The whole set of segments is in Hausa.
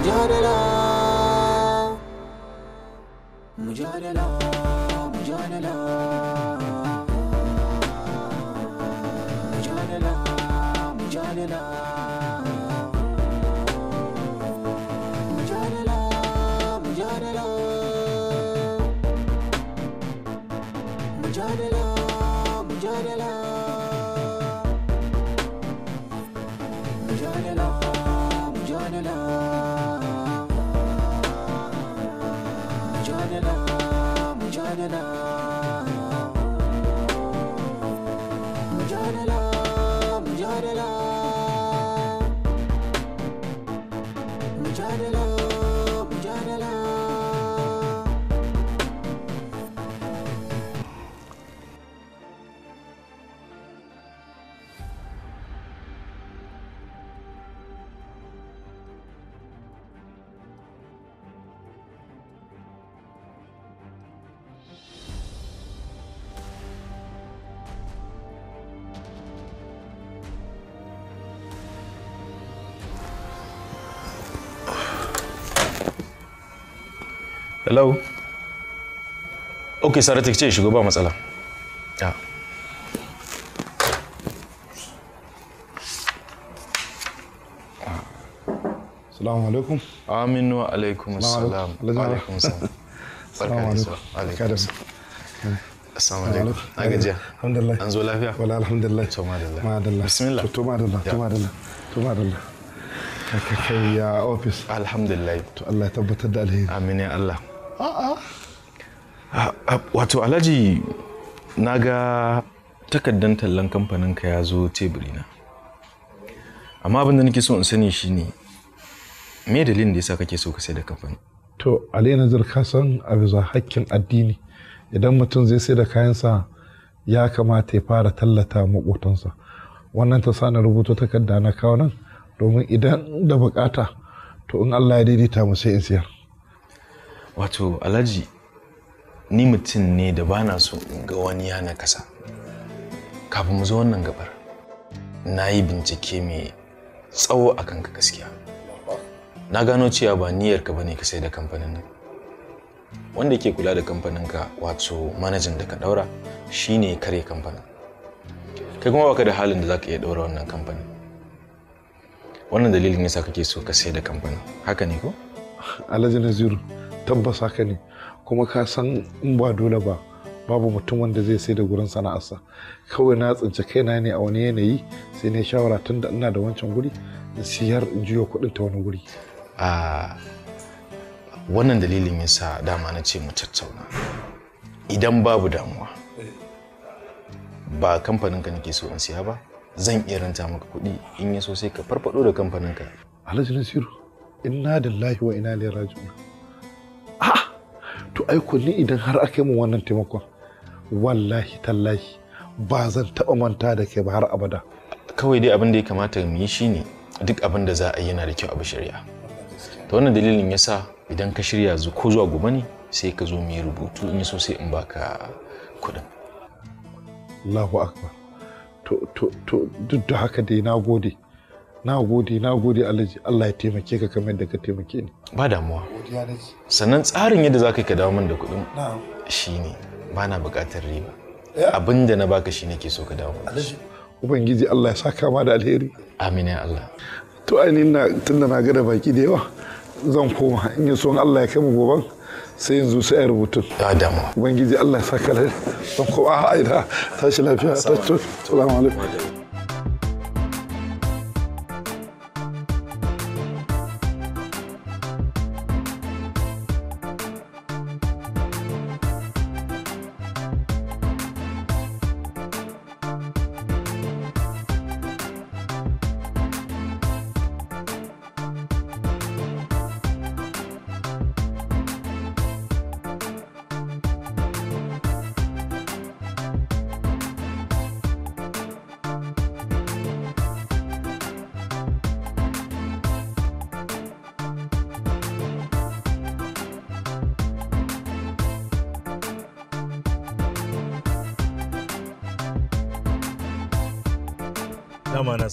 mujadala mujadala mujadala hello ok saratu ce shigo ba matsala yeah. Salamu alaikum. Aminu alaikum salam. Alaikum salam. Barka da Assalamu alaikum. Alhamdulillah. An zo lafiya? Wala alhamdulillah. To ya ofis. Alhamdulillah. tabbatar da alheri. Amin ya wato alhaji na ga takaddan tallan kamfanin ka ya zo teburina amma abin da nake so in sani shine me dalilin da yasa kake so ka sai da kamfani to alai nazar ka san a hakkin addini idan mutum zai sai da kayansa ya kamata ya fara tallata makotansa wannan ta sani rubuta takarda na kawo nan domin idan da bukata to in Allah ya daidaita mu sai in siyar wato alhaji ni mutum ne da ba na so in ga wani ya na kasa kafin mu zo wannan gabar na yi bincike mai tsawo a kanka gaskiya na gano cewa ba niyyarka ba ne ka sai da kamfanin nan wanda ke kula da kamfaninka wato manajan da ka daura shine kare kamfanin kai kuma baka da halin da zaka iya daura wannan kamfanin wannan dalilin yasa kake so ka sai da kamfanin haka ne ko alhaji naziru tabbas haka ne kuma ka san in ba dole ba babu mutum wanda zai sai da gurin sana'arsa kawai na tsince kaina ne a wani yanayi sai na shawara tun da ina da wancan guri in siyar in juya kuɗin ta wani guri a wannan dalilin yasa dama na ce mu tattauna idan babu damuwa ba kamfanin ka nake so in siya ba zan iya ranta maka kuɗi in ya so sai ka farfado da kamfanin ka alhaji nasiru inna lillahi wa inna ilaihi raji'un to ai ni idan har aka yi min wannan taimakon wallahi tallahi ba zan taɓa manta da kai ba har abada kawai dai abin da ya kamata mu yi shine duk abin da za a yi yana da kyau abu shari'a ta wannan dalilin yasa idan ka shirya ko zuwa gobe ne sai ka zo mu yi rubutu in so sai in baka kuɗin Allahu akbar to to to duk da haka dai na gode na gode na gode alhaji Allah ya taimake ka kamar yadda ka taimake ni ba damuwa sannan tsarin yadda zaka ka dawo min da kuɗin shine ba na buƙatar riba abinda na baka shine ke so ka dawo min ubangiji Allah ya saka ma da alheri amin ya Allah to ainihin na tunda na ga da baki da yawa zan koma in yi son Allah ya kai goban sai yanzu sai a rubutun ya damuwa ubangiji Allah ya saka da zan koma a aida tashi lafiya tashi salamu alaikum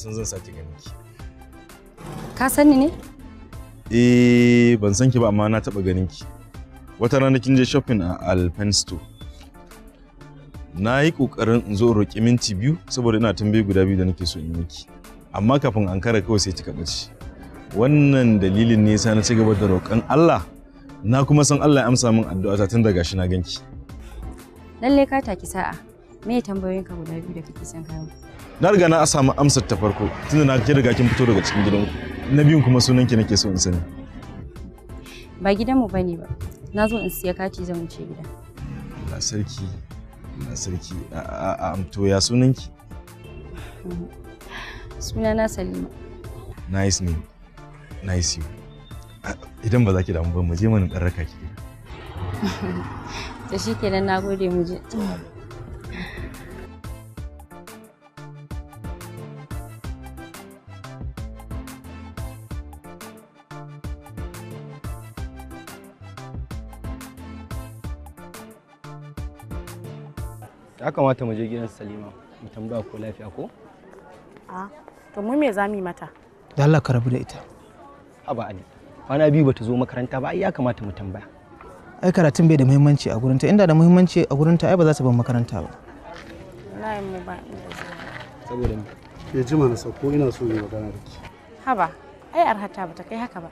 san zan sake ki ka sani ne eh ban san ki ba amma na taba ganin ki wata rana kin je shopping a Alpen store na yi kokarin in zo roƙi minti biyu saboda ina tambayi guda biyu da nake so in miki amma kafin an kara kawai sai kika ɓace wannan dalilin ne yasa na ci gaba da roƙon Allah na kuma san Allah ya amsa min addu'ata tun daga shi na ganki lalle ka taki sa'a me tambayoyinka guda biyu da kake son kawo na riga na samu amsar ta farko tunda na ke riga kin fito daga cikin ku na biyun kuma ki nake so in sani ba gidanmu bane ba na zo in siya kati zan wuce gida Allah sarki Allah sarki a amto ya sunan ki. suna na Salima nice name nice you idan ba za ki damu ba mu je mana dan raka ki da shi kenan nagode mu je ya kamata mu je gidan salima mu tambaya ko lafiya ko a ah, to mu me zamu yi mata da Allah ka rabu da ita ba ani kwana biyu bata zo makaranta ba ai ya kamata mu tambaya ai karatun bai da muhimmanci a gurinta inda da muhimmanci a gurinta ai ba za ta bar makaranta ba wallahi mu ba saboda ya jima na sako ina so ne magana da ki haba ai arhata bata kai haka ba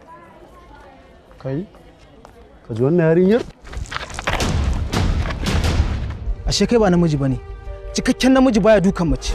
kai ka ji wannan yarinyar ashe kai ba namiji bane cikakken namiji baya dukan mace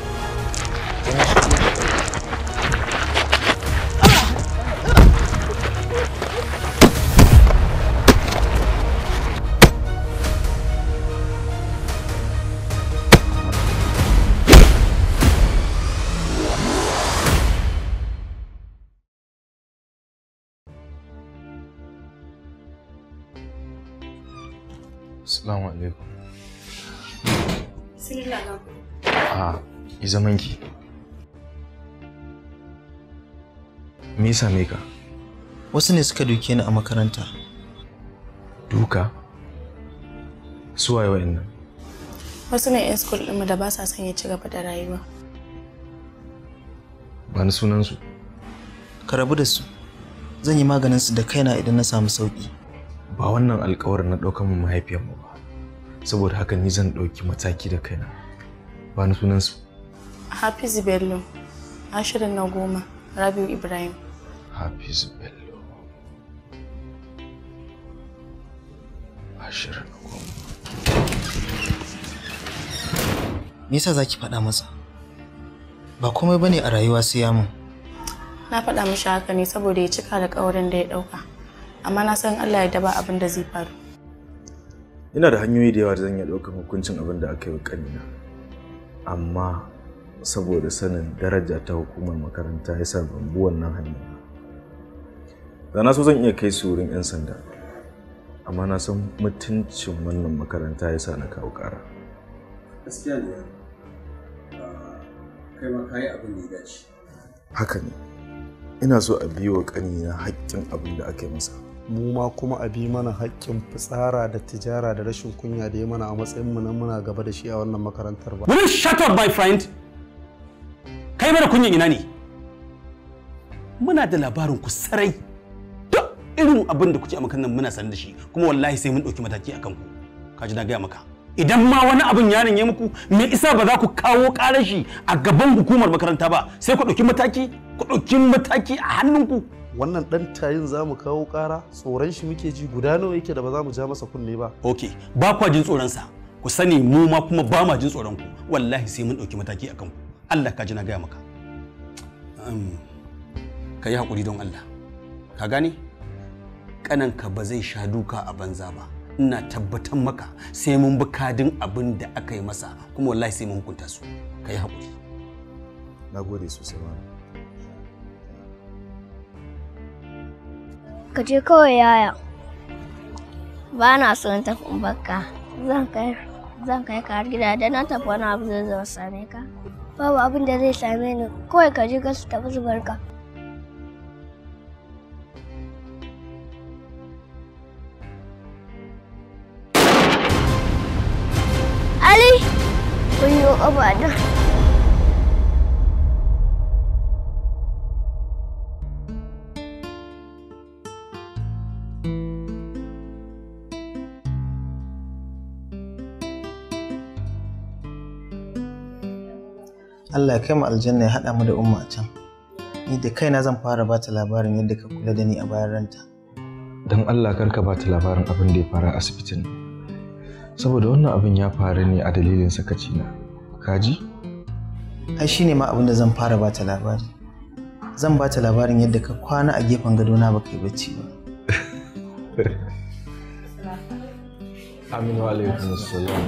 zaman ki me ya same ka wasu ne suka duke ni a makaranta duka su waye wa'annan wasu ne yan school ɗinmu da ba sa son ya ci gaba da rayuwa ba ni sunansu ka rabu da su zan yi maganin su da kaina idan na samu sauki ba wannan alkawarin na ɗaukar mu mahaifiyarmu ba saboda haka ni zan ɗauki mataki da kaina ba ni sunansu Hafizu Bello, ashirin na goma, Rabiu Ibrahim. Hafiz Bello. Ashirin na goma. Me yasa za ki faɗa masa? Ba komai ba ne a rayuwa sai ya Na faɗa mashi haka ne saboda ya cika da ƙaurin da ya ɗauka. Amma na san Allah ya daba abin da zai faru. Ina da hanyoyi da yawa da zan iya ɗaukar hukuncin abin da aka yi wa ƙanina. Amma saboda sanin daraja ta hukumar makaranta ya sa ban nan wannan hanyar da na so zan iya kai su wurin 'yan sanda amma na san mutuncin wannan makaranta ya sa na kawo ƙara gaskiya ne kai ma kayi abin da ya dace haka ne ina so a biyo wa ƙanina haƙƙin abin da aka yi masa mu ma kuma a bi mana haƙƙin fitsara da tijara da rashin kunya da ya mana a matsayin mu na muna gaba da shi a wannan makarantar ba. Will you shut up my friend? kai mara kunyin ina ne muna da labarin ku sarai duk irin abin da kuke a makan nan muna sanar da shi kuma wallahi sai mun ɗauki mataki akan ku ka na gaya maka idan ma wani abin ya ya muku me isa ba za ku kawo karar shi a gaban hukumar makaranta ba sai ku ɗauki mataki ku dauki mataki a hannunku wannan ɗan tayin za mu kawo ƙara tsoron shi muke ji guda nawa yake da ba za mu ja masa kunne ba ok ba kwa jin tsoronsa ku sani mu ma kuma ba ma jin tsoron ku wallahi sai mun ɗauki mataki akan ku Allah ka ji na gaya maka ka yi haƙuri don Allah ka gane Ƙananka ba zai sha duka a banza ba ina tabbatar maka sai mun bi kadin abin da aka yi masa kuma wallahi sai mun hukunta su ka yi haƙuri na gode sosai ba. ka je kawai yaya ba na so in tafi in bakka zan kai ka har gida da na tafi wani abu zai zama same ka babu abin da zai same ni kawai ka je gasu tafi zubarka Ali! Kun yi Allah ya kai mu aljanna ya haɗa mu da umma can ni da kaina zan fara ba ta labarin yadda ka kula da ni a bayan ranta don Allah ka ba ta labarin abin da ya faru a asibitin saboda wannan abin ya faru ne a dalilin sakacina kaji ai shine ma abin da zan fara ba ta labari zan ba ta labarin yadda ka kwana a gefen gadona ba kai bacci ba Aminu alaikum salam.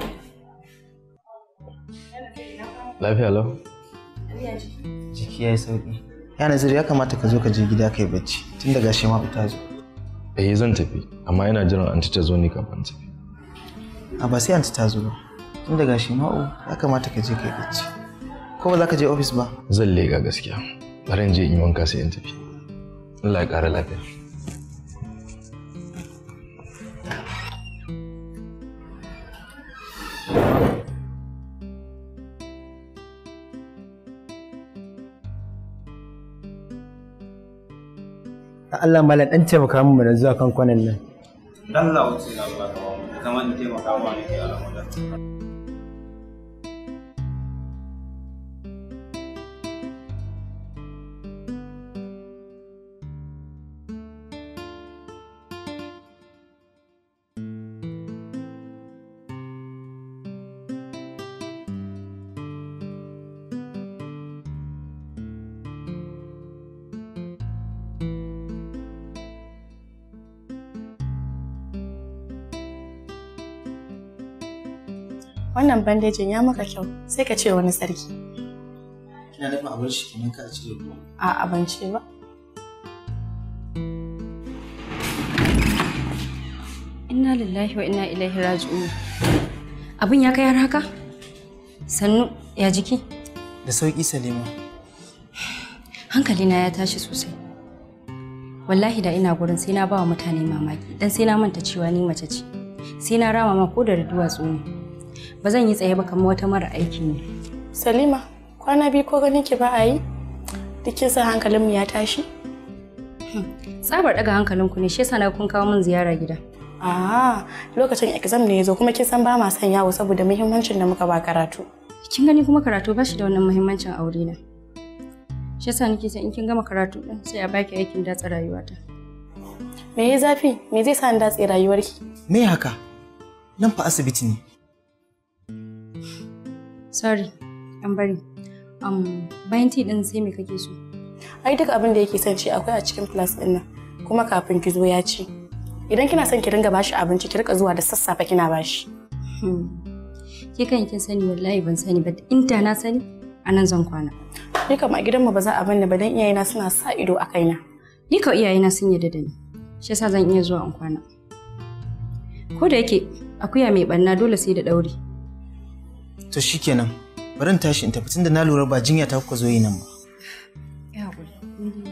Lafiya lau? Jiki ya yi sauƙi. Ya Naziru ya kamata ka zo ka je gida kai bacci tun daga shi ma fita zo. Eh zan tafi amma yana jiran anti ta zo ne kafin tafi. A ba sai anti ta zo ba. Tun daga shi ma'u oh, ya kamata ka je kai bacci. Ko ba za ka je ofis ba? Zan lega gaskiya. Bari in je in yi wanka sai in tafi. Allah ya ƙara lafiya. Allah malam dan taimaka mu mu zuwa kan kwanan nan Allah wuce na ba ka ba kamar taimaka mu ne ke alamu wannan bandejin ya maka kyau sai ka ce wani sarki. Kina dafa abinci kenan ka da ruwa? A abinci ba. Inna lillahi wa inna ilaihi raji'un. Abin ya kai har haka? Sannu ya jiki? Da sauki Salima. hankali na ya tashi sosai. Wallahi da ina gurin sai na ba wa mutane mamaki dan sai na manta cewa ni mace ce. Sai na rama ma ko da duwatsu ne. ba zan yi tsaye ba kamar wata mara aiki ne salima kwana biyu ko ganin ki ba a yi duk sa hankalinmu ya tashi hmm. tsabar daga hankalinku ne shi yasa na kun kawo min ziyara gida Ah, lokacin exam ne yazo kuma kin san ba ma son yawo saboda muhimmancin da muka ba karatu. Kin gani kuma karatu ba shi da wannan muhimmancin aure na. Shi yasa nake son in kin gama karatu din sai a baki aikin datsa rayuwata. Me ya zafi? Me zai sa ni datse rayuwarki? Me haka? Nan fa asibiti ne. sorry an bari um, bayan ti din sai me kake so ai duk abin da yake son ci akwai a cikin plus din nan kuma kafin ki zo ya ci idan kina son ki ringa bashi abinci ki rika zuwa da sassafe kina bashi hmm. ke kan kin sani wallahi ban sani ba inda na sani anan zan kwana ni kam a gidanmu ba za a bani ba dan iyayena suna sa ido a kaina ni ka iyayena sun yarda da ni shi yasa zan iya zuwa in kwana ko da yake akuya mai banna dole sai da daure To shi bari barin tashi in tafi tunda na lura ba jinya ta kuka zo yi nan ba. Mhm.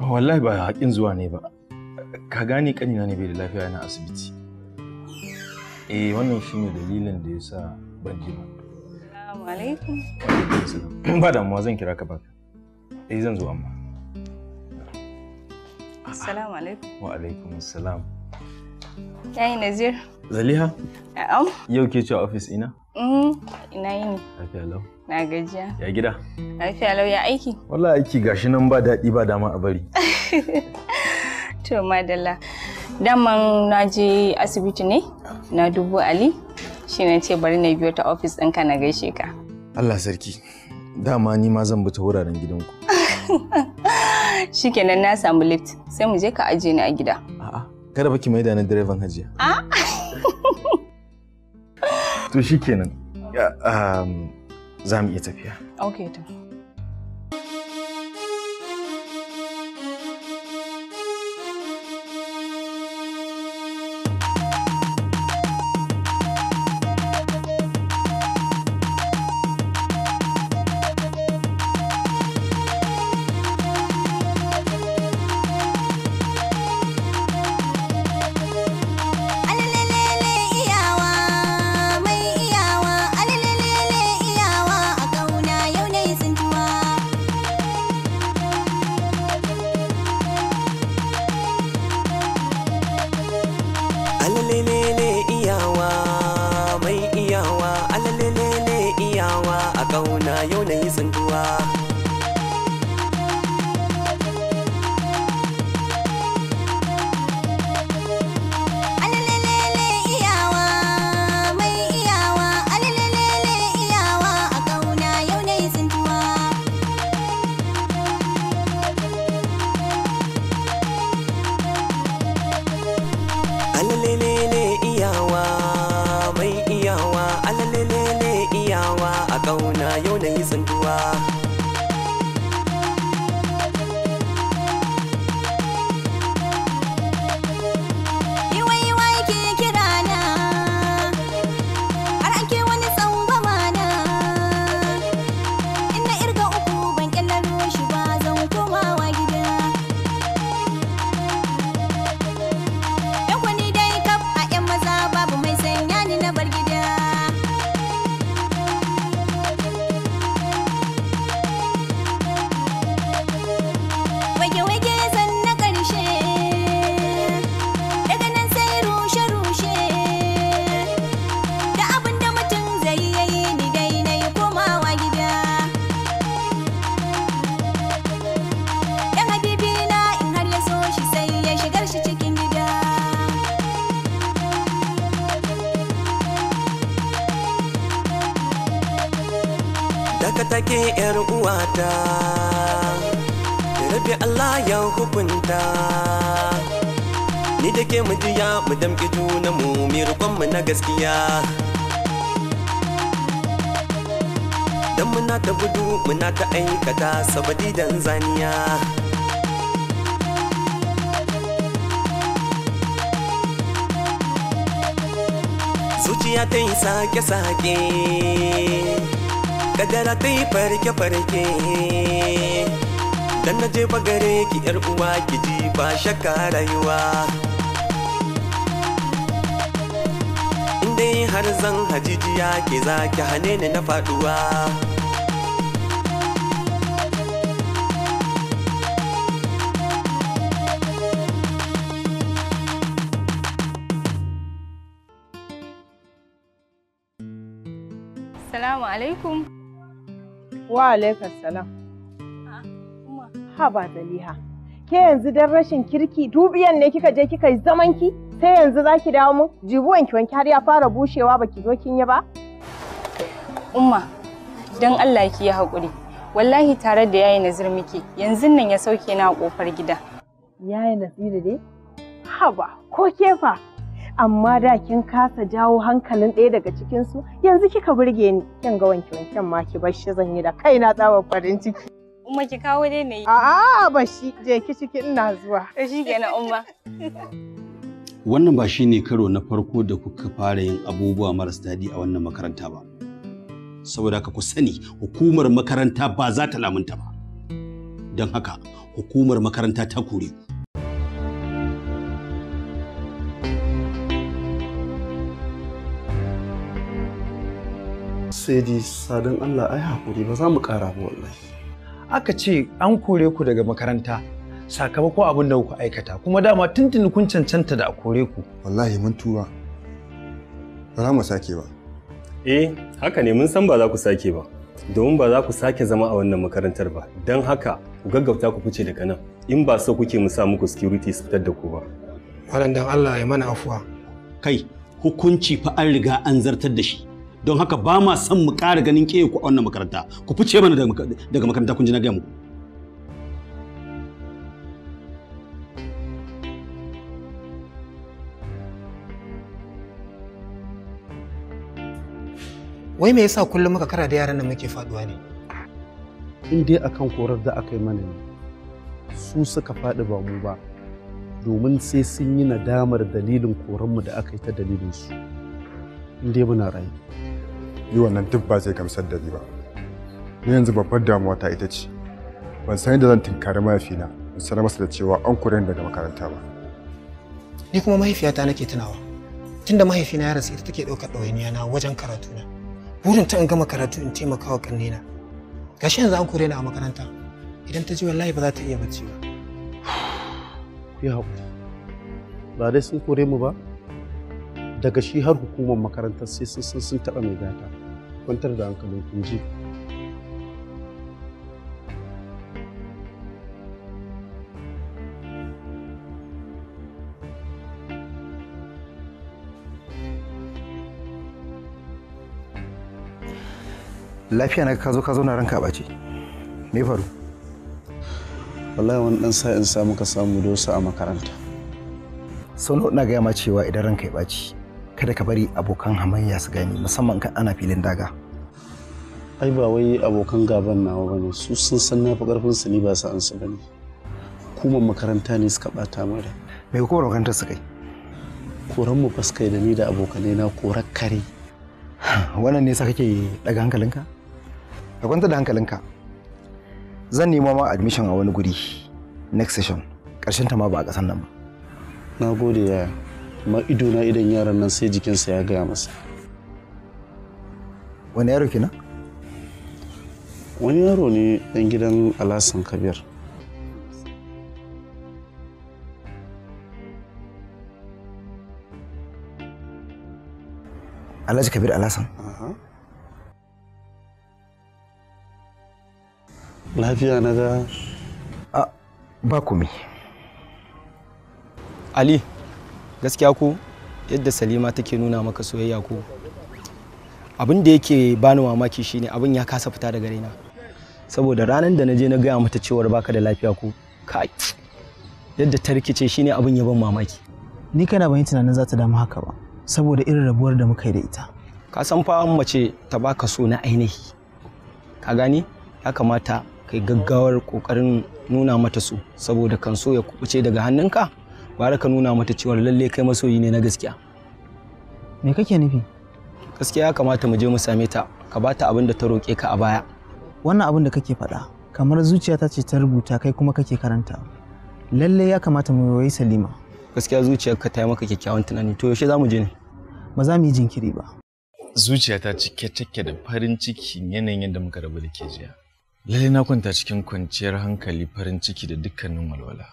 Oh, wallahi ba haƙin zuwa ne ba. Ka gane ƙanina ne bai da lafiya na asibiti. Eh wannan shi ne dalilin da yasa ban je ba. Assalamu alaikum. Ba damuwa zan kira ka baka. Eh zan zo amma. Assalamu alaikum. Wa alaikum assalam. Yayi Nazir. Zaliha? Na'am. Yau ke ce ofis ina? Mm, ina ne. Lafiya lau. Na gajiya. Ya gida? Lafiya lau ya aiki? wala aiki gashi nan ba daɗi ba dama a bari. To madalla. Daman na je asibiti ne na dubu Ali shi na ce bari na biyo ta ofis ɗin ka na gaishe ka. Allah sarki. Dama ni ma zan bi ta wuraren gidanku. Shikenan na samu lift sai mu je ka ajiye ni a gida. A'a, kada ba ki da na direban hajiya. A'a. Ah! to shikenan um, za mu iya tafiya okay to zanguwa mu na gaskiya dan muna ta gudu muna ta aikata sabadi dan zaniya zuciya ta yi sake-sake kadara ta yi farke-farke dan na je bagare ki uwa ki ji ba shakka rayuwa ne har zan hajijiya ke za ki hane ni na faduwa Salamu alaikum. Wa alaikas salam. Ah, ha ba zaliha. Ke yanzu don rashin kirki dubiyan ne kika je kika yi zamanki? ki? sai yanzu za ki dawo mun jibu wanki wanki har ya fara bushewa ba ki zo kin yi ba? Umma, don Allah ki yi hakuri, Wallahi tare da yayi Nazir miki yanzu nan ya sauke na kofar gida. Yayi Nazir dai? Haba, ko kefa. Amma da kin kasa jawo hankalin ɗaya daga cikinsu, yanzu kika burge ni. Kin ga wanki wanken ma ki bar zan yi da kaina tsawon farin ciki. Umma ki kawo dai na yi. A'a, bashi je ki ciki ina zuwa. Shi kenan Umma. Wannan ba shi ne karo na farko da kuka fara yin abubuwa maras daɗi a wannan makaranta ba. Saboda haka ku sani hukumar makaranta ba za ta lamunta ba. Don haka hukumar makaranta ta kore sai sadin Allah ai hakuri ba za mu ƙara ba wallahi. Aka ce an kore ku daga makaranta sakamakon abin da kuka aikata kuma dama tuntuni kun cancanta da a kore ku wallahi mun tura. ba za mu sake ba eh haka ne mun san ba za ku sake ba domin ba za ku sake zama a wannan makarantar ba don haka ku gaggauta ku fice daga nan in ba so kuke mu sa muku security su fitar da ku ba dan Allah ya mana afuwa kai hukunci fa an riga an zartar da shi don haka ba ma son mu ƙara ganin ke ku a wannan makaranta ku fice mana daga makaranta kun ji na gaya muku wai me yasa kullum muka kara da yaran nan muke faduwa ne in dai akan korar da aka yi mana ne su suka fadi ba mu ba domin sai sun yi nadamar dalilin koranmu da aka yi ta dalilin su in dai muna rai yi. wannan duk ba zai gamsar da ni ba ni yanzu babbar damuwa ta ita ce ban san yadda zan tunkari mahaifina in sanar masa da cewa an kore ni daga makaranta ba ni kuma mahaifiyata nake tunawa tunda mahaifina ya rasu ita take ɗaukar ɗawainiya na wajen karatuna burin ta in gama karatu in taimaka wa na gashi yanzu an kore ni a makaranta idan ta ji wallahi ba za ta iya bacci ba ya ba dai sun kore mu ba daga shi har hukumar makarantar sai sun taɓa mai gata kwantar da hankalin kun ji lafiya na ka zo ka zauna ranka ɓace me faru wallahi wani dan sa'in sa muka samu dosa a makaranta sau na gaya ma cewa idan ranka ya ɓaci kada ka bari abokan hamayya su gani musamman kan ana filin daga ai ba wai abokan gaban nawa bane su sun san na fi karfin su ni ba su an su bane kuma makaranta ne suka bata mara me ko makarantar su kai koran mu faskai da ni da abokanai na korar kare wannan ne sa kake daga hankalinka ka kwanta da hankalinka zan nemo ma admission a wani guri next session ƙarshen ta ma ba a kasan nan ba na gode yaya ma ido na idan yaran nan sai jikinsa ya gaya masa wani yaro kina wani yaro ne ɗan gidan alasan kabir alhaji kabir alhassan. uh -huh. lafiya na da a ba kumi ali gaskiya ko yadda salima take nuna maka soyayya ko abin da yake bani mamaki shine abin ya kasa fita daga raina saboda ranar da na je na gaya mata cewar baka da lafiya ko kai yadda ta rikice shine abin ya ban mamaki ni kana ban tunanin za ta damu haka ba saboda irin rabuwar da muka yi da ita ka san fa mace ta baka so na ainihi ka gani ya kamata kai gaggawar kokarin nuna mata su saboda kan so ya kubuce daga hannunka bara ka nuna mata cewa lalle kai masoyi ne na gaskiya me kake nufi gaskiya ya kamata mu je mu same ta ka ba ta abin da ta roke ka a baya wannan abin da kake faɗa kamar zuciyata ce ta rubuta kai kuma kake karanta lalle ya kamata mu yi salima gaskiya zuciyarka ta yi maka kyakkyawan tunani to yaushe za mu je ne ba za mu yi jinkiri ba zuciyata cike cike da farin cikin yanayin yadda muka rabu da ke jiya Lalle na kwanta cikin kwanciyar hankali farin ciki da dukkanin walwala.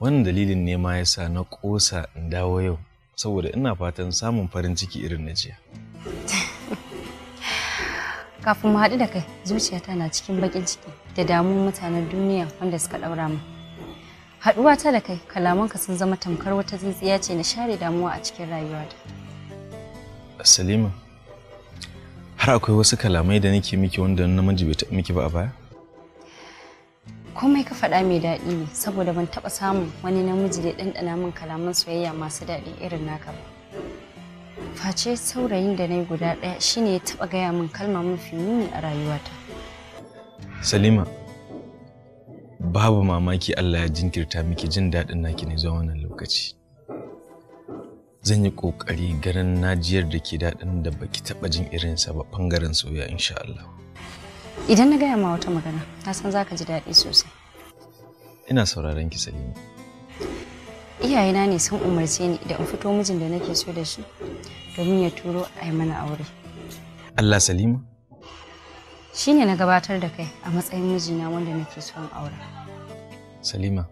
Wannan dalilin ne ma yasa na ƙosa in dawo yau saboda ina fatan samun farin ciki irin na jiya. Kafin mu haɗu da kai, zuciyata na cikin baƙin ciki da damuwar mutanen duniya wanda suka ɗaura mu. Haɗuwa ta da kai, kalamanka sun zama tamkar wata tsintsiya ce na share damuwa a cikin rayuwata. Salima. har akwai wasu kalamai da nake miki wanda namiji bai taɓa miki ba a baya? Komai ka faɗa mai daɗi ne saboda ban taɓa samun wani namiji da ɗanɗana min kalaman soyayya masu daɗi irin naka ba. Face saurayin da na yi guda ɗaya shine ya taɓa gaya min kalma mafi muni a rayuwata. Salima, babu mamaki Allah ya jinkirta miki jin daɗin naki ne zuwa wannan lokaci. zan yi ƙoƙari ganin najiyar da ke daɗin da baki taɓa jin irinsa ba ɓangaren soya insha Allah. Idan na gaya ma wata magana, na san za ka ji daɗi sosai. Ina sauraron ki Salima. Iyayena ne sun umarce ni da in fito mijin da nake so da shi domin ya turo a yi mana aure. Allah Salima? Shi ne na gabatar da kai a matsayin mijina wanda nake son in Salima,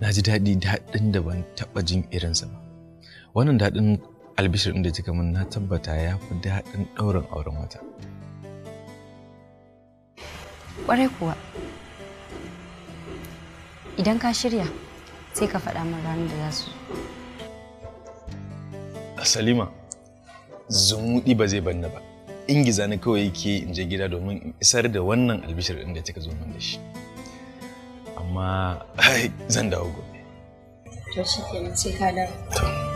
na ji daɗi daɗin da ban taɓa jin irinsa ba. wannan daɗin albishir ɗin da kika min na tabbata ya fi daɗin ɗaurin auren wata ƙwarai kuwa idan ka shirya sai ka faɗa min ranar da za su salima zumuɗi ba zai banna ba ingiza ni kawai yake in je gida domin in isar da wannan albishir ɗin da kika zo min da shi amma zan dawo gobe to shi sai ka dawo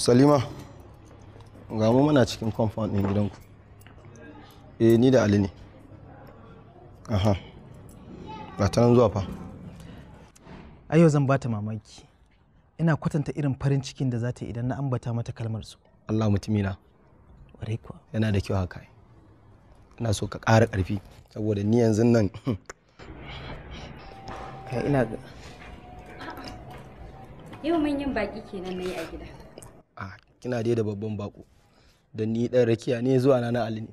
salima ga mu mana cikin compound din gidanku eh ni da ali ne aha ba ta nan zuwa fa ayo yau zan bata mamaki ina kwatanta irin farin cikin da zata idan na ambata mata kalmar su Allah mutumina ware kuwa yana da kyau haka ina so ka ƙara ƙarfi saboda ni yanzu nan hmm. kai ina ga yau yin baki kenan na yi a gida a kina dai da babban bako da ni dan rakiya ne zuwa na na ali ne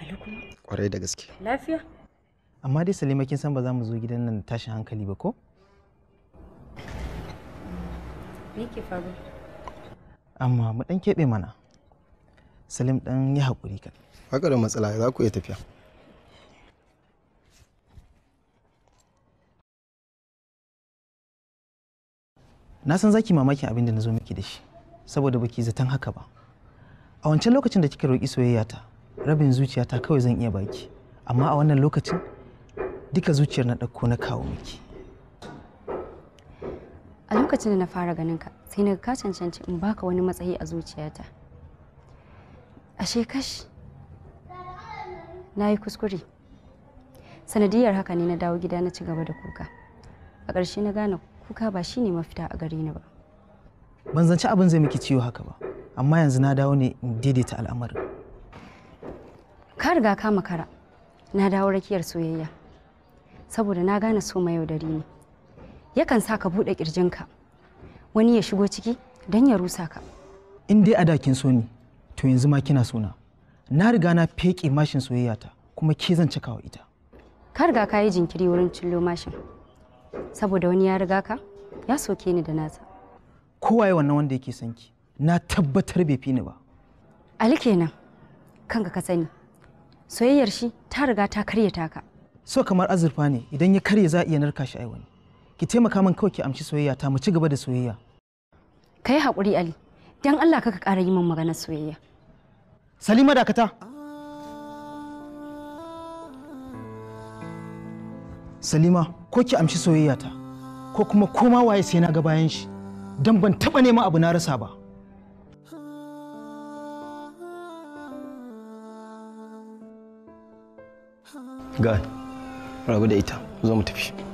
ali kuma kwarai da gaske lafiya amma dai salima kin san ba za mu zo gidan nan tashin hankali ba ko me ke faru amma mu dan kebe mana salim dan yi hakuri ka haka da matsala za ku iya tafiya na san zaki mamakin abin da na zo miki da shi saboda baki zaton haka ba a wancan lokacin da kika roƙi soyayya ta rabin zuciyata kawai zan iya baki amma a wannan lokacin duka zuciyar na ɗauko na kawo miki a lokacin da na fara ganin ka sai na ka cancanci in baka wani matsayi a zuciyata ashe shekash na yi kuskure sanadiyar haka ne na dawo gida na ci gaba da kuka a ƙarshe na gane kuka ba shine mafita a gare ni ba ban zance abin zai miki ciwo haka ba amma yanzu na dawo ne in daidaita al'amarin ka riga ka makara na dawo rakiyar soyayya saboda na gane so mai yaudari ne yakan sa ka buɗe ka wani ya shigo ciki don ya rusa ka in dai a dakin kin so ni to yanzu ma kina sona na riga na feke mashin soyayya ta kuma ke zan wa ita ka riga ka yi jinkiri wurin cillo mashin saboda wani ya riga ka ya soke ni da nasa kowaye wannan wanda yake son ki na tabbatar bai fi ni ba ali kenan kanka ka sani soyayyar shi ta riga ta karya taka so kamar azurfa ne idan ya karya za a iya narka shi ai ki taimaka min kawai ki amshi soyayya ta mu ci gaba da soyayya kai hakuri ali dan Allah kaka ƙara yi min maganar soyayya Salima dakata Salima ko ki amshi soyayya ta ko kuma koma waye sai na ga bayan shi don ban taɓa neman abu na rasa ba ga rabu da ita zo mu tafi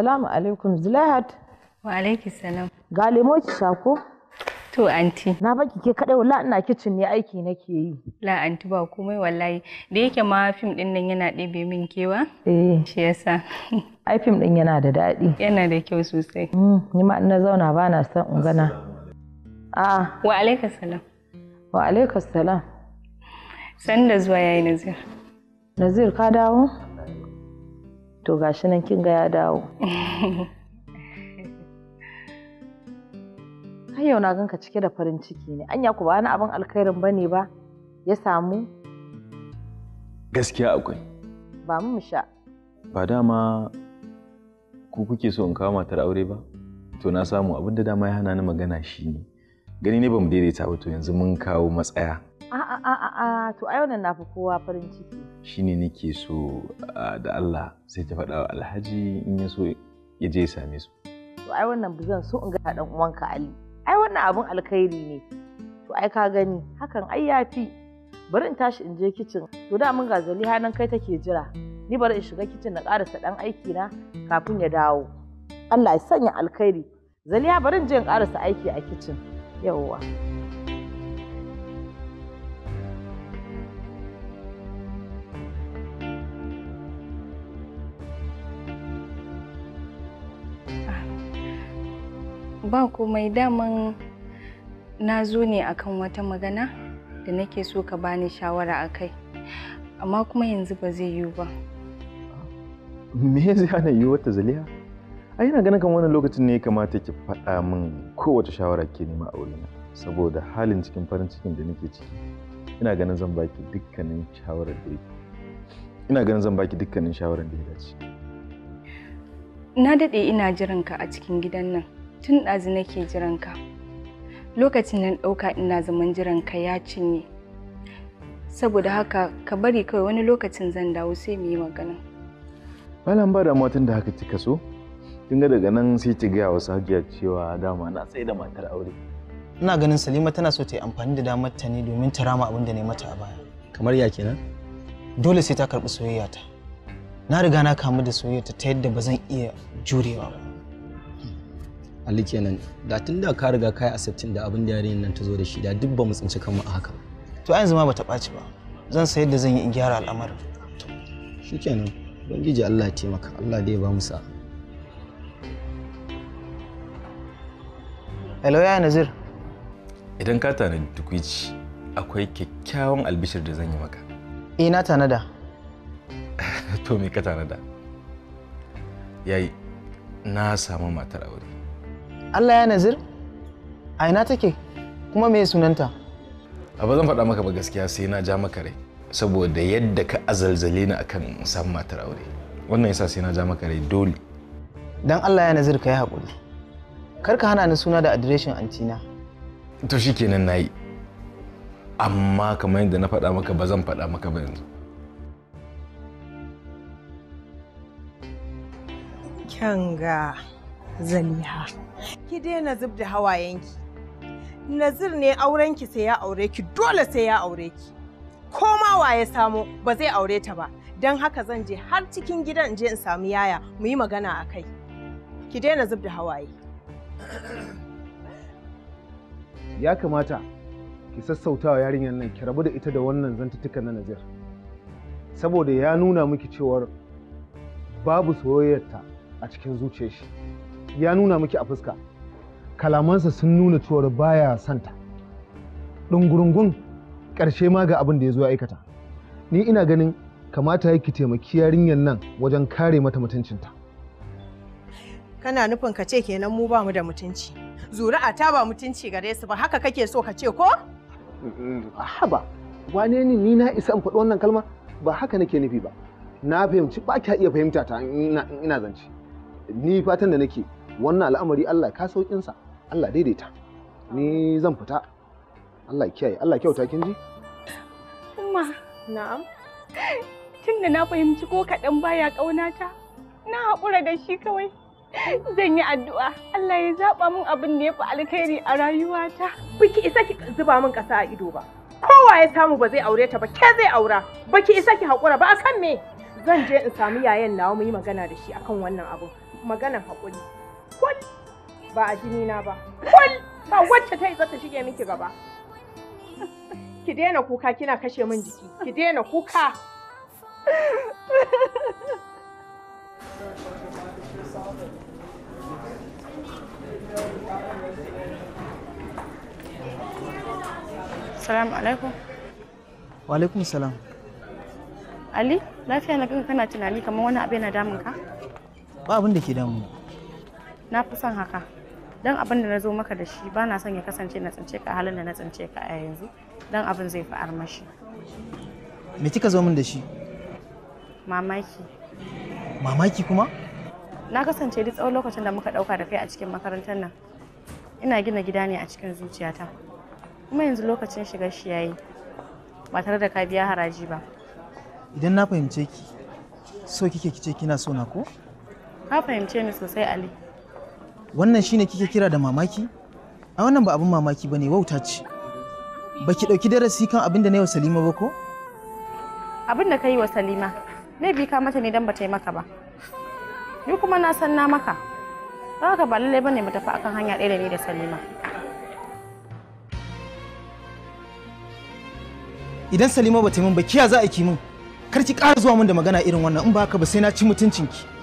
Salamu alaikum Zulahat. Wa alaiki salam. Ga lemo ki shako? To anti. Na baki ke kadai wala ina kicin ne aiki nake yi. La anti ba komai wallahi. Da yake ma fim din nan yana ɗebe min kewa. Eh. Shi yasa. Ai fim din yana da daɗi. Yana da kyau sosai. Mm, ni ma na zauna ba na son in gana. Ah. Wa alaika salam. Wa alaika salam. Sanda zuwa yayi Nazir. Nazir ka dawo? to gashi nan kin ga ya dawo har yau na ganka cike da farin ciki ne anya ku ba wani abin alkhairin bane ba ya samu gaskiya akwai ba mu sha ba dama ku kuke so in kawo matar aure ba to na samu abin da dama ya hana ni magana shi ne gani ne bamu daidaita ba to yanzu mun kawo matsaya a a a a to ai na nafi kowa farin ciki shine nake so da Allah sai ta faɗa wa alhaji in ya so ya je same su to ai wannan ba zan so in ga ɗan uwanka Ali ai wannan abun alkhairi ne to ai ka gani hakan ai yafi bari in tashi in je kicin to da mun ga zaliha nan kai take jira ni bari in shiga kicin na karasa dan aiki na kafin ya dawo Allah ya sanya alkhairi zaliya bari in je in karasa aiki a kicin yawwa ba komai daman na zo ne akan wata magana da nake so ka bani shawara a kai amma kuma yanzu ba zai yiwu ba me zai hana yiwu wata zaliya? ai ina ganin kan wannan lokacin ne ya kamata ki faɗa min kowace shawara ke nema a wurina saboda halin cikin farin cikin da nake ciki ina ganin zan baki dukkanin shawarar da ina ganin zan baki dukkanin shawarar da ya dace na daɗe ina jiranka a cikin gidan nan tun ɗazu nake jiranka, lokacin nan ɗauka ina zaman jiranka ya cinye saboda haka ka bari kawai wani lokacin zan dawo sai mu yi magana malam ba damuwa tun da haka kika so kin ga daga nan sai ki gaya wasu hajiya cewa dama na tsaye da matar aure ina ganin salima tana so ta yi amfani da damar ta ne domin ta rama abin da ne mata a baya kamar ya kenan dole sai ta karɓi soyayya ta na riga na kamu da soyayya ta ta yadda ba zan iya jurewa ba Ali kenan da tun da ka riga ka yi accepting da abin da yarin nan ta zo da shi da duk ba mu tsinci kanmu a haka to yanzu ma bata ɓaci ba zan sayar da zan yi in gyara al'amarin shikenan ubangiji Allah ya taimaka Allah dai ba mu sa Hello ya Nazir idan ka tanadi tukwici akwai kyakkyawan albishir da zan yi maka eh na tanada to me ka tanada yayi na samu matar aure Allah ya nazir a ina take kuma me sunanta ba zan faɗa maka ba gaskiya sai na ja maka rai saboda yadda ka azalzale ni akan san matar aure wannan yasa sai na ja maka rai dole dan Allah ya nazir ka hakuri kar ka hana ni suna da adireshin antina to shikenan nayi amma kamar yadda na faɗa maka ba zan faɗa maka ba yanzu kyanga Zaliha. Ki daina zub da hawayenki. Nazir ne aurenki sai ya aure ki dole sai ya aure ki. Ko ma waye samo ba zai aure ta ba. Don haka zan je har cikin gidan je in samu yaya mu yi magana a kai. Ki daina zub da hawaye. Ya kamata ki sassautawa yarinyar nan ki rabu da ita da wannan zantutukan na Nazir. Saboda ya nuna miki cewar babu soyayyarta a cikin zuciyar shi. ya nuna miki a fuska kalamansa sun nuna cewar baya santa ɗungurungun ƙarshe ma ga abin da ya zo ya aikata ni ina ganin kamata ya ki taimaki yarinyar nan wajen kare mata mutuncinta kana nufin ka ce kenan mu ba mu da mutunci zuri'a ta ba mutunci gare su ba haka kake so ka ce ko haba wane ni ni na isa in faɗi wannan kalma ba haka nake nufi ba na fahimci ba kya iya fahimta ta ina zance ni fatan da nake wannan al'amari Allah ka saukin sa Allah daidaita ni zan fita Allah kiyaye Allah kyauta kin ji umma na'am tunda na fahimci ko kaɗan baya ta, na haƙura da shi kawai zan yi addu'a Allah ya zaba min abin da ya fi alkhairi a rayuwata. Biki isa ki zuba min ƙasa a ido ba. Kowa ya samu ba zai aure ta ba, ke zai aura. Baki isa ki haƙura ba akan me? Zan je in samu yayan nawa mu yi magana da shi akan wannan abu. Maganan haƙuri. kwal ba a jini na ba kwal ba wacce ta isa ta shige miki gaba ki daina kuka kina kashe min jiki ki daina kuka Salamu alaikum. Wa alaikum salam. Ali, lafiya na kanka kana tunani kamar wani abu yana damun ka? Ba abin da ke damu. na fi son haka don abin da na zo maka da shi ba na son ya kasance na tsince ka halin da na tsince ka a yanzu don abin zai fi armashi me kika zo min da shi mamaki mamaki kuma na kasance duk tsawon lokacin da muka dauka da kai a cikin makarantar nan ina gina gida ne a cikin zuciyata kuma yanzu lokacin shiga shi yayi ba tare da ka biya haraji ba idan na fahimce ki so kike kice kina so na ko ka fahimce ni sosai ali wannan shine kike kira da mamaki a wannan ba abin mamaki bane wauta ce baki dauki darasi kan abin da na yi wa Salima ba ko abin da kai wa Salima ne bi ka mata ne dan ba ta yi maka ba ni kuma na san na maka haka ba lallai bane mu tafi akan hanya ɗaya da ni da Salima idan Salima ba ta yi min ba kiya za a ki min kar ki ƙara zuwa min da magana irin wannan in ba haka ba sai na ci mutuncinki ki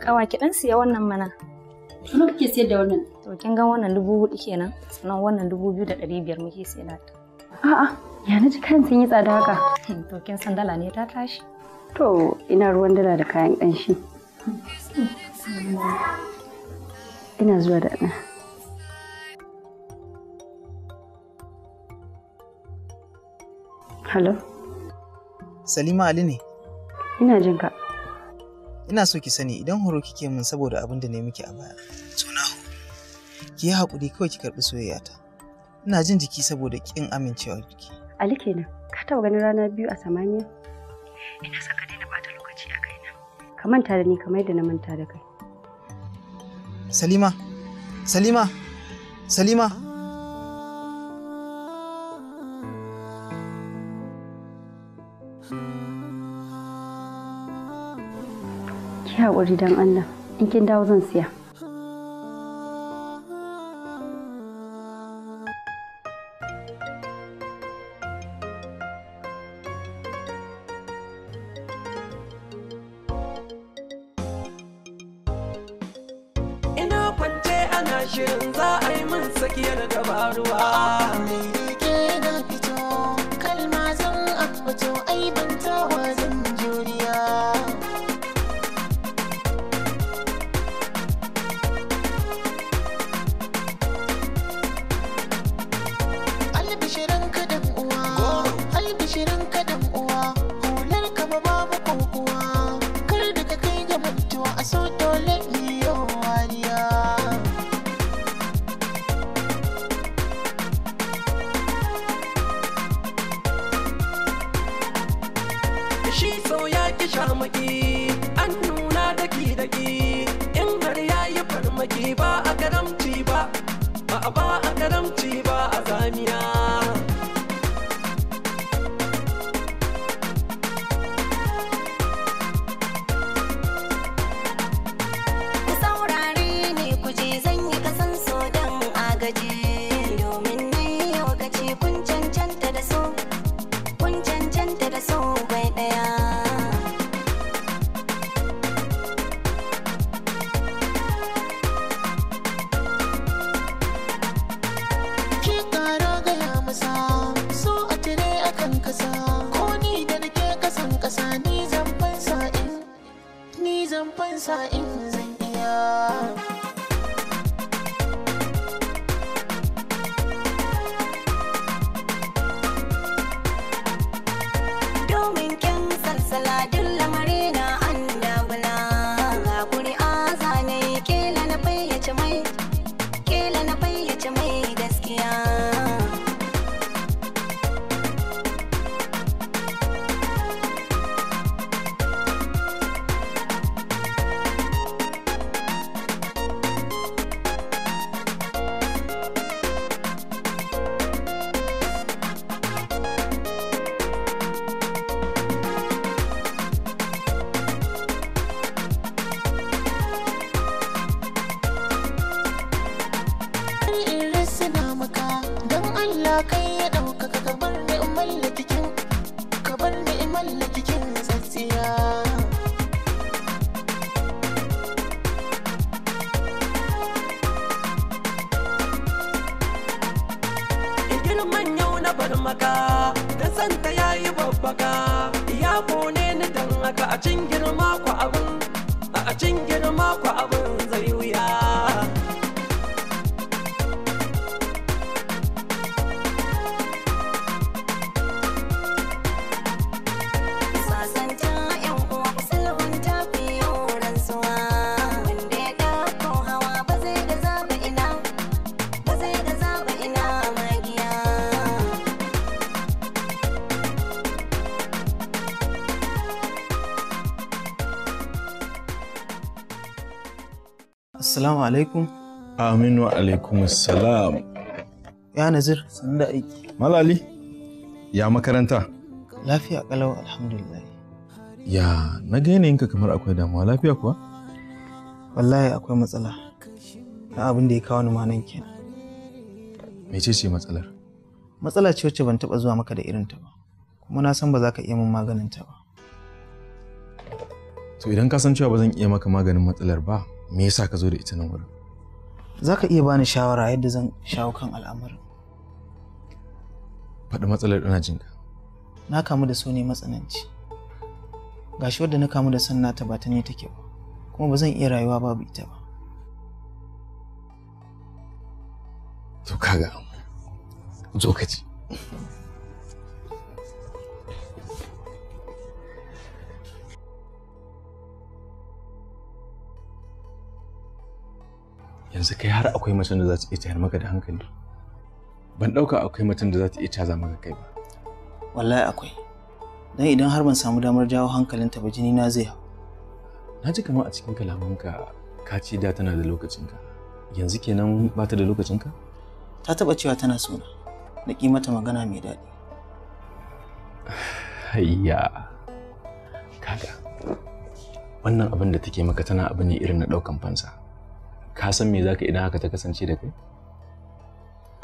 haba ki dan siya wannan mana. Kuma kike siyar da wannan? To kin ga wannan dubu hudu kenan, sannan wannan dubu biyu da ɗari biyar muke siya na ta. A'a, ya na ji kayan sun yi tsada haka. To kin san dala ne ta tashi. To ina ruwan dala da kayan ƙanshi. Ina zuwa da ɗan. Hello? Salima Ali ne. Ina jin ka. ina so ki sani idan horo kike min saboda abin da ne muke a baya suna ki yi haƙuri kawai ki karɓi soyayyata ina jin jiki saboda ƙin amincewa jiki ali kenan ka taɓa ganin rana biyu a samaniya ina son ka daina bata lokaci a kaina ka manta da ni kamar yadda na manta da kai salima salima salima haƙuri don Allah in kin dawo zan siya inside. assalamu alaikum aminu alaikum assalam ya nazir sun da aiki malali ya makaranta lafiya kalau alhamdulillah ya na ga yanayinka kamar akwai damuwa lafiya kuwa wallahi akwai matsala na abin da ya kawo ni nan kenan mece ce matsalar matsala ce wacce ban taba zuwa maka da irinta ba kuma na san ba za ka iya min maganin ta ba to idan ka san cewa ba zan iya maka maganin matsalar ba me yasa ka zo da ita nan wurin za ka iya bani shawara yadda zan shawo kan al'amarin faɗi matsalar ina jinka na kamu da su matsananci gashi wadda na kamu da sanna ta ba ta ne take ba kuma ba zan iya rayuwa babu ita ba to kaga zo ka ji yanzu kai har akwai mutum da za ta iya tayar maka da hankali ban ɗauka akwai mutum da za ta iya caza maka kai ba wallahi akwai dan idan har ban samu damar jawo hankalin ta ba jini na zai hau na ji kamar a cikin kalamanka ka ce da tana da lokacinka yanzu kenan ba ta da lokacinka ta taba cewa tana sona na ƙi mata magana mai daɗi hayya kaga wannan abin da take maka tana abu ne irin na ɗaukan fansa ka san me zaka idan haka ta kasance da kai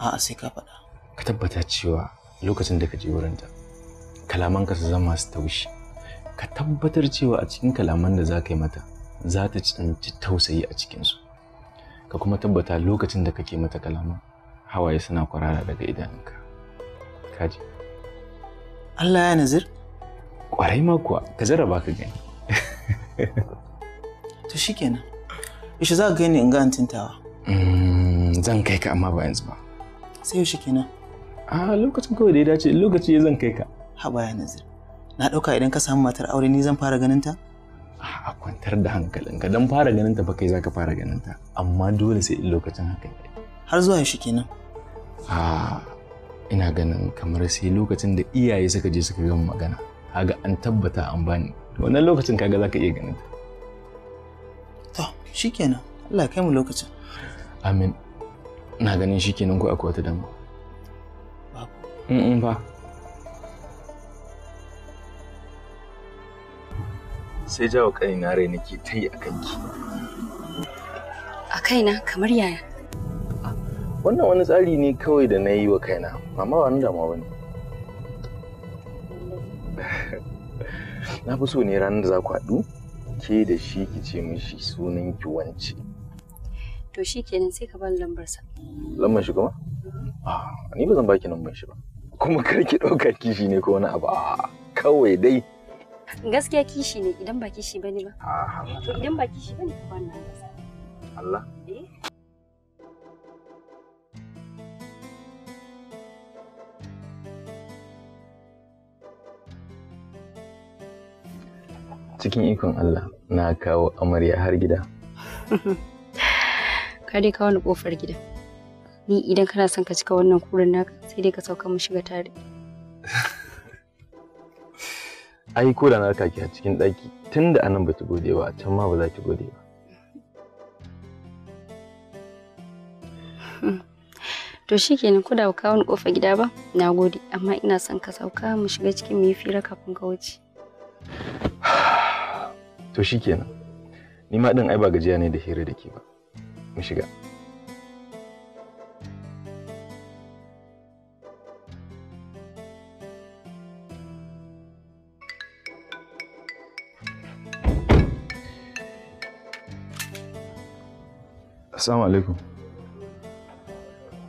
a'a sai ka faɗa ka tabbata cewa lokacin da ka je wurinta kalamanka su zama su taushi ka tabbatar cewa a cikin kalaman da za ka yi mata za ta cinci tausayi a cikinsu ka kuma tabbata lokacin da kake mata kalama hawaye suna kwarara daga idanunka kaji Allah ya nazir kwarai ma kuwa ka jarraba ka gani to shikenan Yaushe za ka kai ni in ga antintawa? Mm, zan kai ka amma ba yanzu ba. Sai yaushe kenan? A lokacin kawai da ya dace lokaci ya zan kai ka. Ha ya nazir. Na ɗauka idan ka samu matar aure ni zan fara ganin ta? A kwantar da ka don fara ganin ta ba kai za ka fara ganin ta amma dole sai in lokacin haka Har zuwa yaushe kenan? A ina ganin kamar sai lokacin da iyaye suka je suka gama magana. Haga an tabbata an bani. Wannan lokacin kaga za ka iya ganin ta. shikenan Allah ya kai mu lokacin amin na ganin shikenan ko akwai wata dama. Ba in ba sai jawo na rai nake ta yi a kanki a kaina kamar yaya wannan wani tsari ne kawai da na yi wa kaina mama ba ni damuwa bane na fi so ne ranar da za ku haɗu ke da shi ki ce mishi sunan ki wance to shi kenan sai ka bar sa. lambar shi kuma mm-hmm. ah ni ba zan baki lambar shi ba kuma kar ki ɗauka kishi ne ko wani abu a ah, kawai dai gaskiya kishi ne idan ba kishi bane ba to ah, idan ba kishi bane ka bani lambarsa Allah eh cikin ikon Allah na kawo amarya har gida. Ka dai kawo ni kofar gida. Ni idan kana son ka cika wannan kurin naka sai dai ka sauka mu shiga tare. Ai ko da na kaki a cikin ɗaki tunda anan ba ta gode ba can ma ba za ta gode ba. To shikenan ko da ba kawo ni kofar gida ba na gode amma ina son ka sauka mu shiga cikin mu yi fira kafin ka wuce. to shi shikenan ni ma ɗin ai ba gajiya ne da hira da ke ba mu shiga Assalamu alaikum.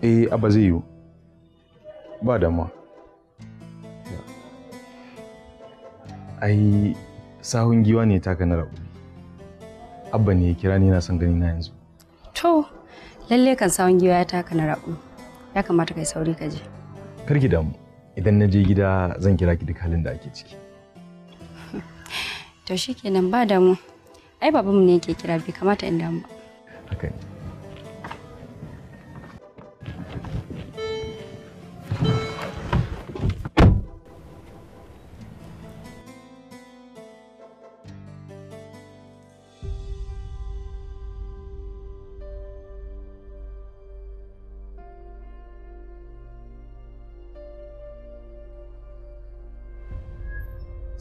Eh, abba zai yiwu. Ba damuwa. Ai, sahun giwa ne taka na rabu abba ne ya kira ni na son gani na yanzu to lalle kan sahun giwa ya taka na rabu ya kamata kai sauri ka je kar ki damu idan na je gida zan kira ki duk halin da ake ciki to shikenan ba damu ai babanmu ne yake kira bai kamata in damu haka ne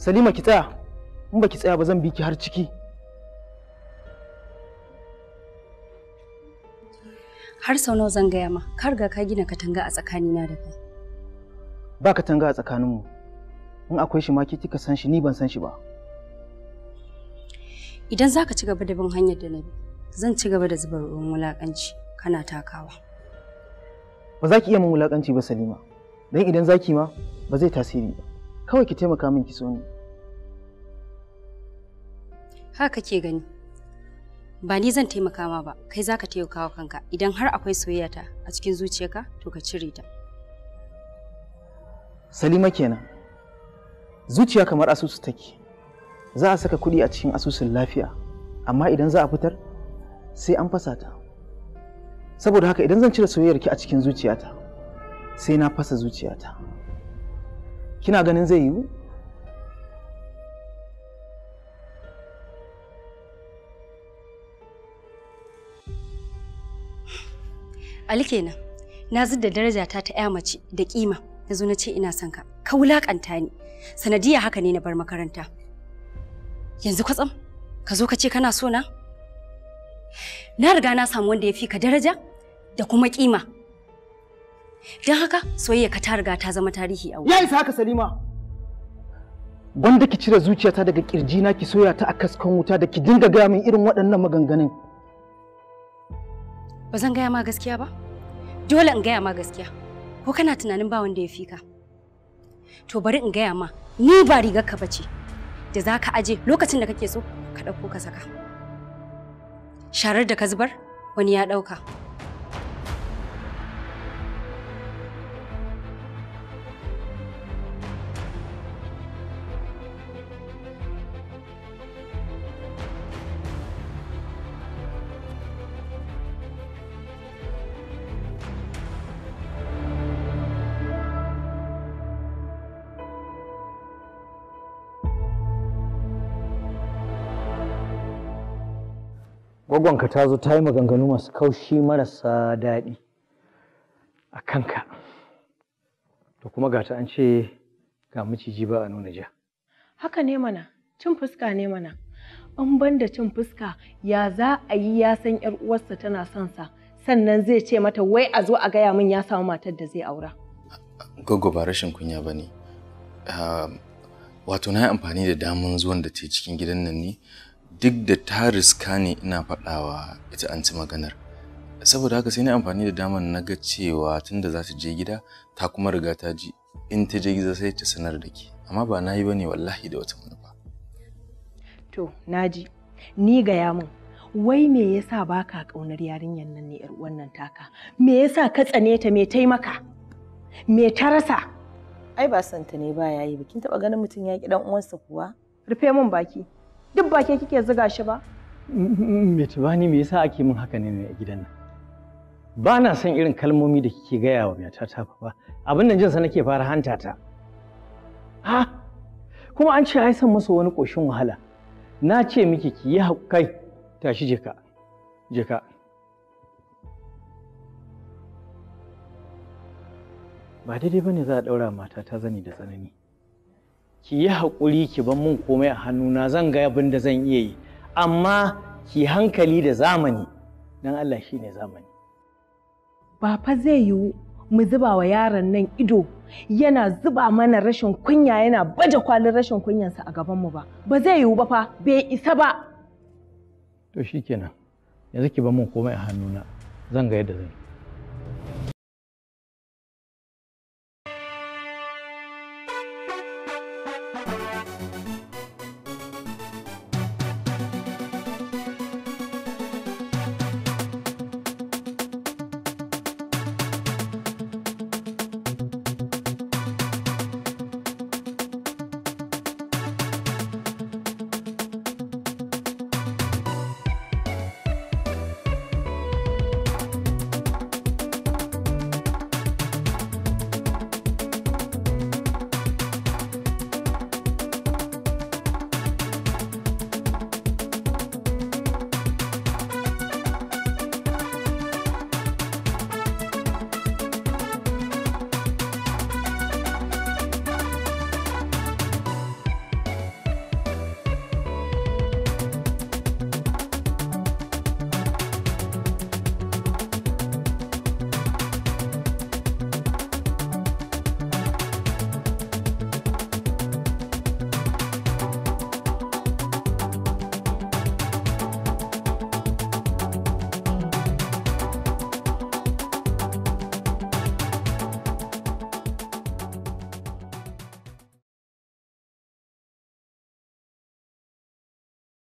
Salima ki tsaya in baki tsaya ba zan bi ki har ciki har sau nawa zan gaya ma ka riga ka gina katanga a tsakanina da kai ba katanga a tsakaninmu in akwai shi ma ki kika san shi ni ban san shi ba idan za ka ci gaba da bin hanyar da na bi zan ci gaba da zubar ruwan wulakanci kana takawa ba za ki iya min wulakanci ba salima don idan za ki ma ba zai tasiri ba kawai ki taimaka min ki so ni ka kake gani ba ni zan taimaka ma ba kai zaka taimaka wa kanka idan har akwai soyayyata a cikin zuciyarka to ka cire ta Salima kenan zuciya kamar asusu take za a saka kuɗi a cikin asusun lafiya amma idan za a fitar sai an fasa ta saboda haka idan zan cire soyayyarki a cikin zuciyata sai na fasa zuciyata kina ganin zai yiwu Ali kenan. Na da darajata ta ƴa mace da kima. Na zo na ce ina son ka. Ka wulakanta ni. Sanadiya haka ne na bar makaranta. Yanzu kwatsam ka zo ka ce kana so na? Na riga na samu wanda ya fi ka daraja da kuma kima. Don haka soyayya ka ta riga ta zama tarihi a wuri. Ya isa haka Salima. Gwanda ki cire zuciyata daga na ki soya ta a kaskon wuta da ki dinga gaya min irin waɗannan maganganun. ba zan gaya ma gaskiya ba dole in gaya ma gaskiya ko kana tunanin ba wanda ya fi ka to bari in gaya ma ni ba rigar ka bace da za ka aje lokacin da kake so ka ɗauko ka saka sharar da ka zubar wani ya ɗauka gwagwanka ta zo ta yi maganganu masu kaushi marasa daɗi a kanka to kuma ga ta an ce ga maciji ba a nuna ja haka ne mana cin fuska ne mana in ban da cin fuska ya za a yi ya san yar uwarsa tana son sa sannan zai ce mata wai a zo a gaya min ya samu matar da zai aura gogo ba rashin kunya ba ne ah, wato na yi amfani da damun zuwan da ta cikin gidan nan ne duk da ta riska ne ina faɗawa ita an ci maganar saboda haka sai na amfani da damar na ga cewa tunda za ta je gida ta kuma riga ta ji in ta je gida sai ta sanar da ke amma ba na yi ba ne wallahi da wata manufa to ji, ni gaya min wai me yasa baka kaunar yarinyar nan ne yar wannan taka me yasa ka tsane ta me taimaka me ta rasa ai ba santa ne ba yayi ba kin taba ganin mutum ya ki dan uwansa kuwa rufe min baki duk ba ke kike zuga shi ba me tubani me yasa ake min haka ne a gidan nan ba na son irin kalmomi da kike gaya wa matata ba abin nan jinsa nake fara hanta ta ha kuma an ce ai san masa wani koshin wahala na ce miki ki yi kai tashi je ka je ka ba daidai bane za a daura mata ta zani da tsanani ki yi haƙuri ki ban mun komai a hannuna zan ga abin da zan iya yi amma ki hankali da zamani don Allah shi ne zamani. Ba zai yiwu mu zuba wa yaron nan ido yana zuba mana rashin kunya yana baje kwalin rashin kunyansa a gabanmu ba. Ba zai yiwu ba fa bai isa ba. To shi yanzu ki ban mun komai a hannuna zan ga yadda zan